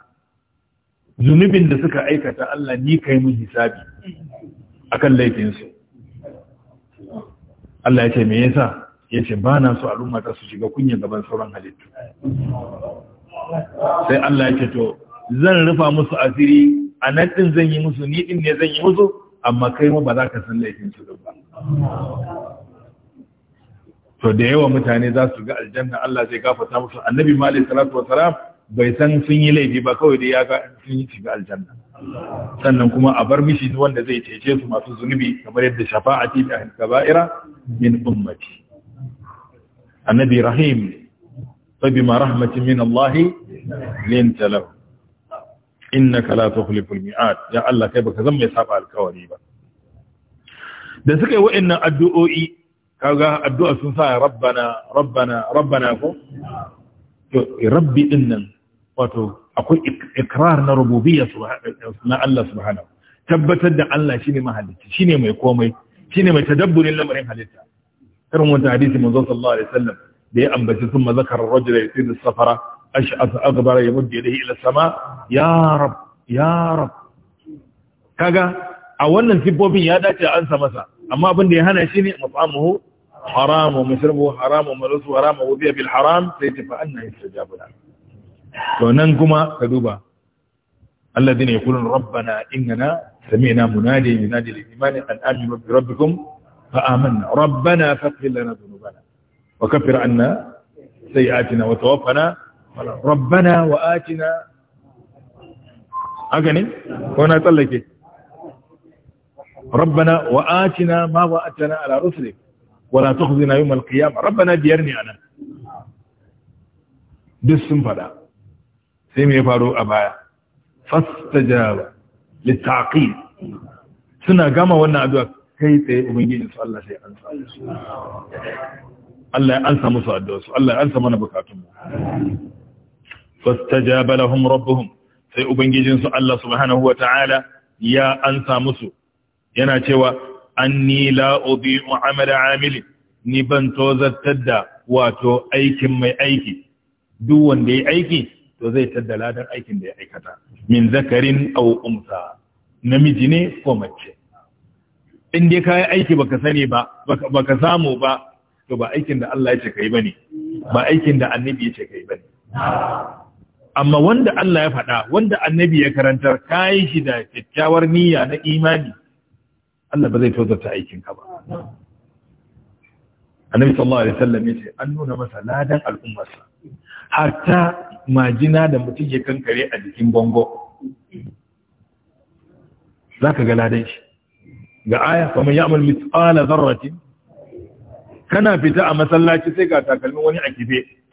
zunubin da suka aikata Allah ni kai mu hisabi akan laifin su Allah ya ce me yasa Ya ce ba na so al'umma ta su shiga kunya gaban sauran halittu sai Allah ya ce to zan rufa musu asiri a nan ɗin zan yi musu ni din ne zan yi musu amma kai mu ba za ka san laifin su ba to da yawa mutane za su ga aljanna Allah zai gafarta musu annabi ma salatu wasalam bai san sun yi laifi ba kawai da ya ga sun yi shiga aljanna sannan kuma a bar mishi wanda zai cece su masu zunubi kamar yadda shafa'ati da kaba'ira min ummati annabi rahim fa bima rahmatin min Allah linta lahu innaka la tukhliful mi'ad ya Allah kai baka zan mai saba alkawari ba da suka yi wa'annan addu'o'i kaga addu'a sun sa rabbana rabbana rabbana ko to rabbi ɗin nan wato akwai ikrar na rububiyya na Allah subhanahu tabbatar da Allah shine mahalicci shine mai komai shine mai tadabburin lamarin halitta irin wata hadisi manzo sallallahu alaihi wasallam da ya ambaci sun mazakar rajula yasiru safara ash'af aghbara yamuddu ilayhi ila sama ya rab ya rab kaga a wannan siffofin ya dace an sa masa amma abin da ya hana shi ne mafamuhu حرام ومشربه حرام وملبسه حرام وبيع بالحرام سيتي فأنا يستجاب له وننكما تدوبا الذين يقولون ربنا إننا سمعنا منادي منادي الإيمان أن آمنوا بربكم فآمنا ربنا فاغفر لنا ذنوبنا وكفر عنا سيئاتنا وتوفنا ربنا وآتنا أغني وانا أتلك ربنا وآتنا ما وأتنا على رسلك wala tukhzina yawmal qiyamah rabbana biyar ne anan duk sun fada sai me ya faru a baya fastajaba litaqi suna gama wannan addu'a kai tsaye ubangiji su Allah sai an samu su Allah ya ansa musu addu'a su Allah ya ansa mana bukatun mu fastajaba lahum rabbuhum sai ubangijinsu Allah subhanahu wa ta'ala ya ansa musu yana cewa anni la udhi'u amal amil ni ban tozartar da wato aikin mai aiki duk wanda ya aiki to zai tadda ladar aikin da ya aikata min zakarin au umsa namiji ne ko mace in dai kai aiki baka sani ba baka samu ba to ba aikin da Allah ya ce kai bane ba aikin da annabi ya ce kai bane amma wanda Allah ya faɗa wanda annabi ya karantar kai shi da kyakkyawar niyya na imani Allah ba zai tozarta ka ba annabi sallallahu alaihi wasallam yace an nuna masa ladan al'ummarsa hatta majina da mutum ya kankare a jikin bango zaka ga ladan shi ga aya kuma ya'mal mithqala dharratin kana fita a masallaci sai ga takalmin wani a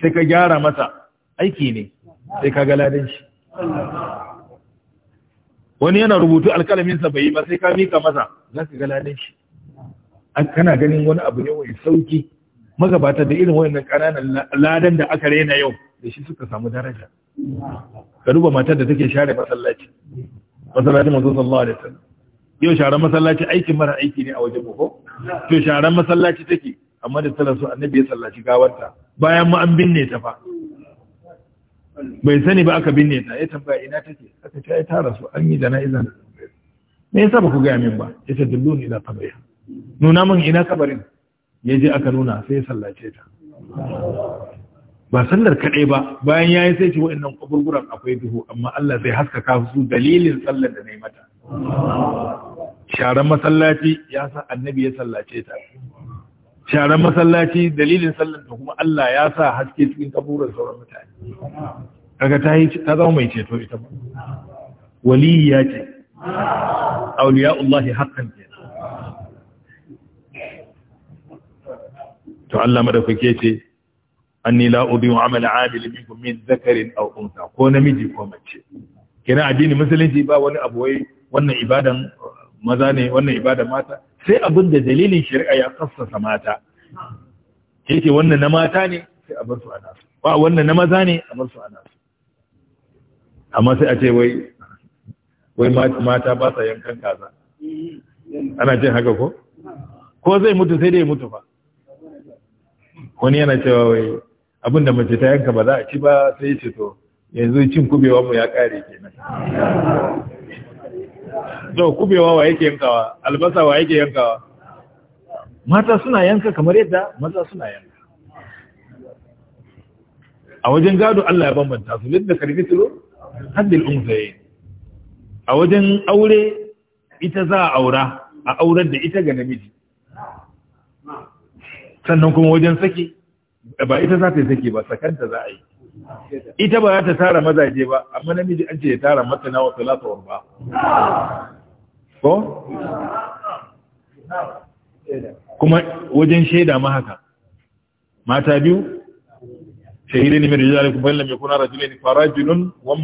sai ka gyara masa aiki ne sai ka ga ladan shi wani yana rubutu alkalaminsa bai yi ba sai ka mika masa za ka ga ladan shi kana ganin wani abu ne wani sauki magabata da irin wayannan ƙananan ladan da aka rena yau da shi suka samu daraja ka duba matar da take share masallaci masallaci manzo sallallahu alaihi wasallam yau sharan masallaci aikin mara aiki ne a waje ko to sharan masallaci take amma da tsara su annabi ya sallaci gawarta bayan mu an binne ta fa bai sani ba aka binne ta ya tambaya ina take aka ce ai tara su, an yi da jana'izan me yasa ba ku gaya min ba ya ce dulluni ila nuna min ina kabarin ya je aka nuna sai ya sallace ta ba sallar kaɗai ba bayan ya yi sai ce wa'annan akwai duhu amma Allah zai haskaka su dalilin sallar da na yi mata sharan masallaci ya sa annabi ya sallace ta sharan masallaci dalilin sallan ta kuma Allah ya sa haske cikin kaburin sauran mutane kaga ta yi ta zama mai ceto ita ba waliyya ce auliya'ullahi haqqan ke to Allah madaukake ce anni la wa amala 'amil minkum min dhakarin aw ko namiji ko mace kina addini musulunci ba wani abu wai wannan ibadan maza ne wannan ibadan mata sai abin da dalilin shari'a ya kassasa mata ce wannan na mata ne sai a barsu a nasu ba wannan na maza ne a barsu a nasu amma sai a ce wai wai mata ba sa yankan kaza ana cin haka ko ko zai mutu sai dai mutu fa wani yana cewa wai abinda mace ta yanka ba za a ci ba sai ce to yanzu cin kubewa mu ya kare nan. to kubewa wa yake yankawa albasa wa yake yankawa mata suna yanka kamar yadda maza suna yanka a wajen gado Allah ya bambanta su lidda karfitilo haddil unsaye a wajen aure ita za a aura a aurar da ita ga namiji sannan kuma wajen saki ba ita za ta yi saki ba sakanta za a yi ita ba za ta tara mazaje ba amma namiji an ce ya tara na wa lafa wa ba ko kuma wajen shaida ma haka mata biyu shahidaini min rijalikum fa lam yakuna rajulaini fa rajulun wa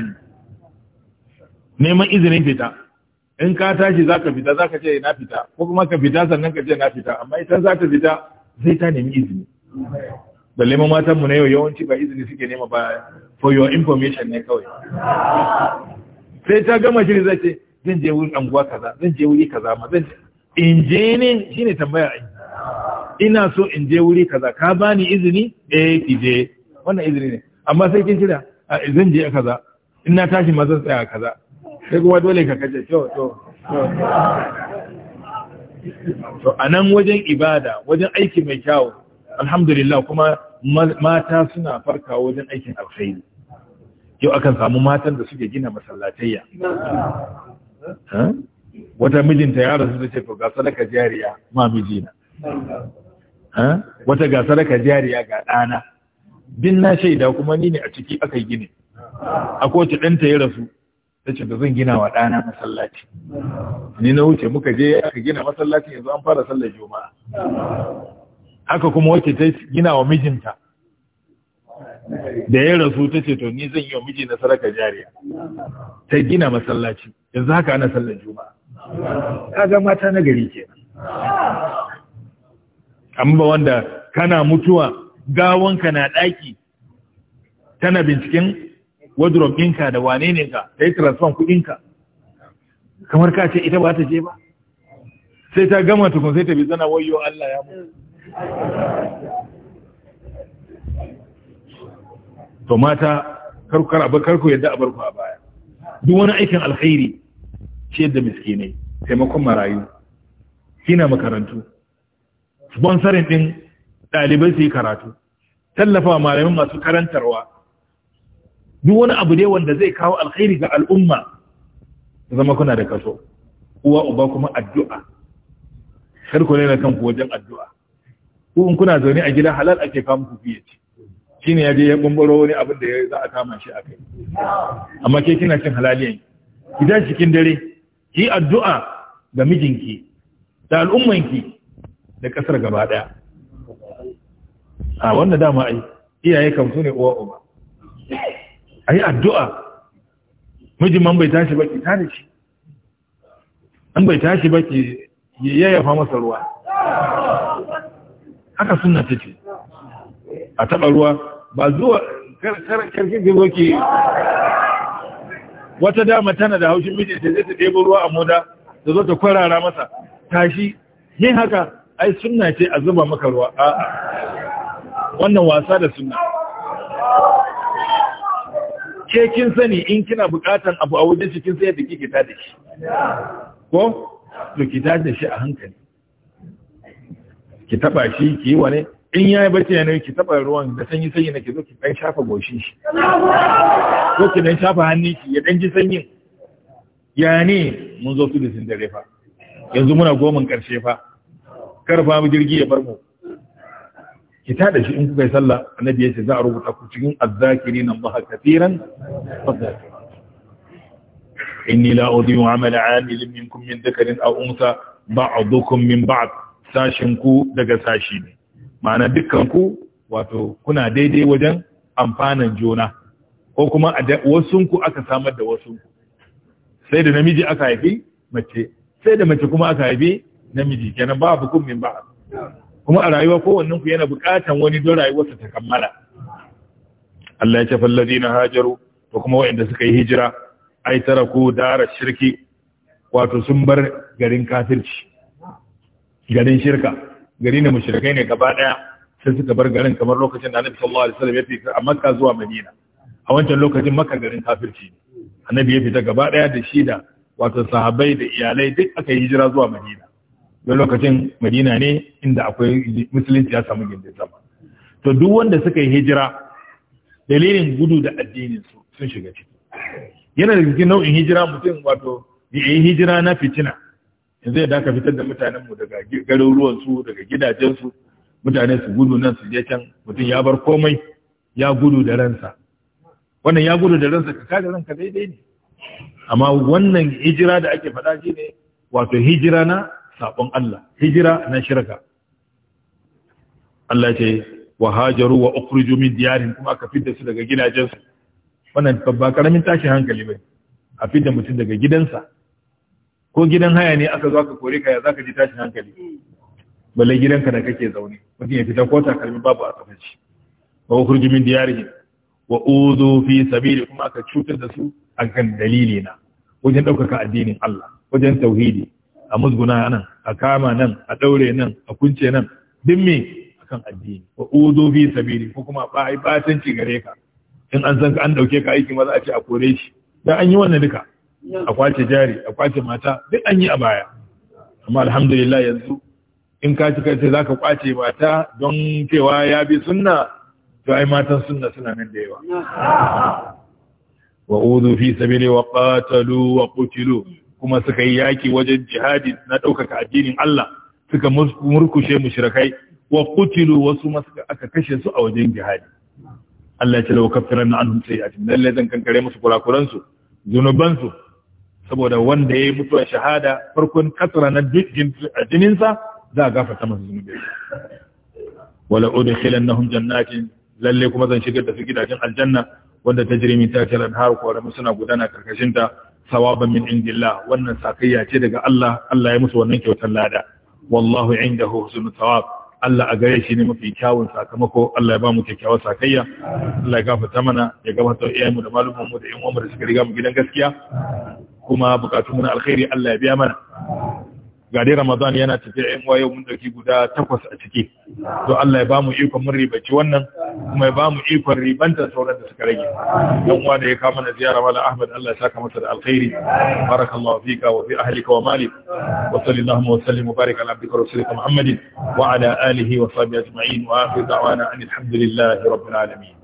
ne. neman izinin fita in ka tashi za ka fita za ka ce na fita ko kuma ka fita sannan ka ce na fita amma ita za ta fita sai ta nemi izini balle matan mu na yau yawanci ba izini suke nema ba for your information ne kawai sai ta gama shi zai ce zan je wurin anguwa kaza zan je wuri kaza ma zan in je ne shine tambaya ai ina so in je wuri kaza ka bani izini eh ki je wannan izini ne amma sai kin a zan je kaza ina tashi ma zan tsaya kaza sai kuma dole ka kaje to to to a nan wajen ibada wajen aiki mai kyau, alhamdulillah kuma mata suna farka wajen aikin alkhairi yau akan samu matan da suke gina masallatayya wata mijinta ya rasu da ce to ga sadaka jariya ma mijina wata ga sadaka jariya ga ɗana Bin na shaida kuma ni ne a ciki aka gini a kowace ɗanta ya rasu ta ce da zan gina wa ɗana masallaci ni na wuce muka je aka gina masallaci yanzu an fara sallar juma'a haka kuma wacce ta gina wa mijinta da ya rasu ta ce to ni zan yi wa miji na saraka jariya ta gina masallaci yanzu haka ana sallar juma'a kaga mata na gari kenan amma wanda kana mutuwa ka na daki tana binciken wardrobe ɗinka da wane ne ka ta yi transfer kuɗinka kamar ka ce ita ba ta je ba sai ta gama tukun sai ta bi zana wayo Allah ya mutu to mata karkar abin karku yadda a barku a baya duk wani aikin alkhairi ce da miskinai taimakon marayu gina makarantu sponsorin ɗin ɗalibai su yi karatu tallafa malamin masu karantarwa duk wani abu ne wanda zai kawo alkhairi ga al'umma zama kuna da kaso uwa uba kuma addu'a har ne na kanku wajen addu'a ku in kuna zaune a gida halal ake kama ku fiye ce shi ne ya je ya bumbaro wani abin da ya za a kama shi a kai amma ke kina cin halaliyan ki tashi cikin dare ki addu'a ga mijinki da al'ummanki da ƙasar gaba ɗaya. a wannan dama ai iyaye kan su ne uwa uba yi addu'a mijin man bai tashi ba ki tare shi an bai tashi ba ki yayyafa masa ruwa haka suna take a taɓa ruwa ba zuwa karkin zai ke wata dama tana da haushin mijin ta zai ruwa a moda da zo ta kwarara masa tashi yin haka ai suna ce a zuba maka ruwa a'a wannan wasa da suna ke kin sani in kina bukatan abu a wajen cikin sai da kike ta da shi ko to ki ta shi a hankali ki taba shi ki yi wane in ya yi bacci ne ki taba ruwan da sanyi sanyi na ki zo ki dan shafa goshi shi ko ki dan shafa hannun shi ya dan ji sanyin ya ne mun zo su da sun dare fa yanzu muna gomin karshe fa kar fa mu jirgi ya bar mu ki da shi in kuka yi sallah annabi ya ce za a rubuta ku cikin azzakirin Allah kafiran inni إني لا amala amilin عامل منكم من ذكر ba a بعضكم min ba'a. sashinku daga sashi ne ma'ana dukkanku wato kuna daidai wajen amfanan juna ko kuma wasunku aka samar da wasunku sai da namiji aka haifi mace sai da mace kuma aka haifi namiji kenan ba hukum min ba kuma a rayuwa kowannen ku yana bukatan wani don rayuwarsa ta kammala Allah ya ce na hajaru to kuma waɗanda suka yi hijira ai tara ku dara shirki wato sun bar garin kafirci garin shirka gari na mushrikai ne gaba daya sai suka bar garin kamar lokacin da Annabi sallallahu alaihi wasallam ya fita a Makka zuwa Madina a wancan lokacin Makka garin kafirci ne Annabi ya fita gaba daya da shi da wato sahabbai da iyalai duk aka yi hijira zuwa Madina don lokacin Madina ne inda akwai musulunci ya samu gindin zama to duk wanda suka yi hijira dalilin gudu da addinin su sun shiga ciki yana da cikin nau'in hijira mutum wato ya yi hijira na fitina yanzu yadda aka fitar da mutanenmu daga garuruwansu daga gidajensu mutane su gudu nan su je can mutum ya bar komai ya gudu da ransa wannan ya gudu da ransa ka kada ranka daidai ne amma wannan hijira da ake faɗa shi ne wato hijira na saɓon Allah hijira na shirka Allah ce wa hajaru wa ukhriju min diyarin kuma aka fitar su daga gidajensu wannan ba karamin tashin hankali bane a fitar mutum daga gidansa ko gidan haya ne aka zo aka kore ka ya ka ji tashin hankali balle gidanka da kake zaune mutum ya fita ko takalmi babu a kafin shi wa ukhruju min diyarihim wa udhu fi sabili kuma aka cutar da su kan dalili na wajen ɗaukaka addinin Allah wajen tauhidi a musguna nan a kama nan a daure nan a kunce nan duk me akan addini wa udhu fi sabili ko kuma ba ai batanci gare ka in an san ka an dauke ka aiki maza a ce a kore shi dan an yi wannan duka a kwace jari a kwace mata duk an yi a baya amma alhamdulillah yanzu in ka ci kai za ka kwace mata don cewa ya bi sunna to ai matan sunna suna nan da yawa wa udu fi sabili wa qatalu wa qutilu kuma suka yi yaki wajen jihadi na ɗaukaka addinin Allah suka murkushe mushrikai wa qutilu wasu ma suka aka kashe su a wajen jihadi Allah ya ce lau kafiran anhum sayi'atin lalle zan kankare musu kurakuran su zunubansu saboda wanda ya mutuwa shahada farkon katsara na jininsa za a gafarta masu zunubi wala na nahum jannatin lalle kuma zan shigar da su gidajen aljanna wanda ta jirimi ta al-anhar ko suna gudana karkashin ta sawaban min indillah wannan sakayya ce daga Allah Allah ya musu wannan kyautar lada wallahu indahu husnul thawab Allah a gare shi ne mafi kyawun sakamako Allah ya ba mu kyakkyawar sakayya Allah ya gafarta mana ya gafarta iyayen mu da malumin mu da yan uwan da suka riga mu gidan gaskiya kuma bukatun mu na alkhairi Allah ya biya mana ga dai Ramadan yana tafiya yan uwa yau mun dauki guda takwas a ciki to Allah ya bamu ikon mun ribaci wannan kuma ya bamu ikon ribanta sauran da suka rage yan uwa da ya kama na ziyara mala Ahmad Allah ya saka masa da alkhairi barakallahu fika wa fi ahlika wa malik wa sallallahu wa sallim wa barik ala abdika rasulika Muhammadin wa ala alihi wa sahbihi ajma'in wa akhir da'wana alhamdulillahi rabbil alamin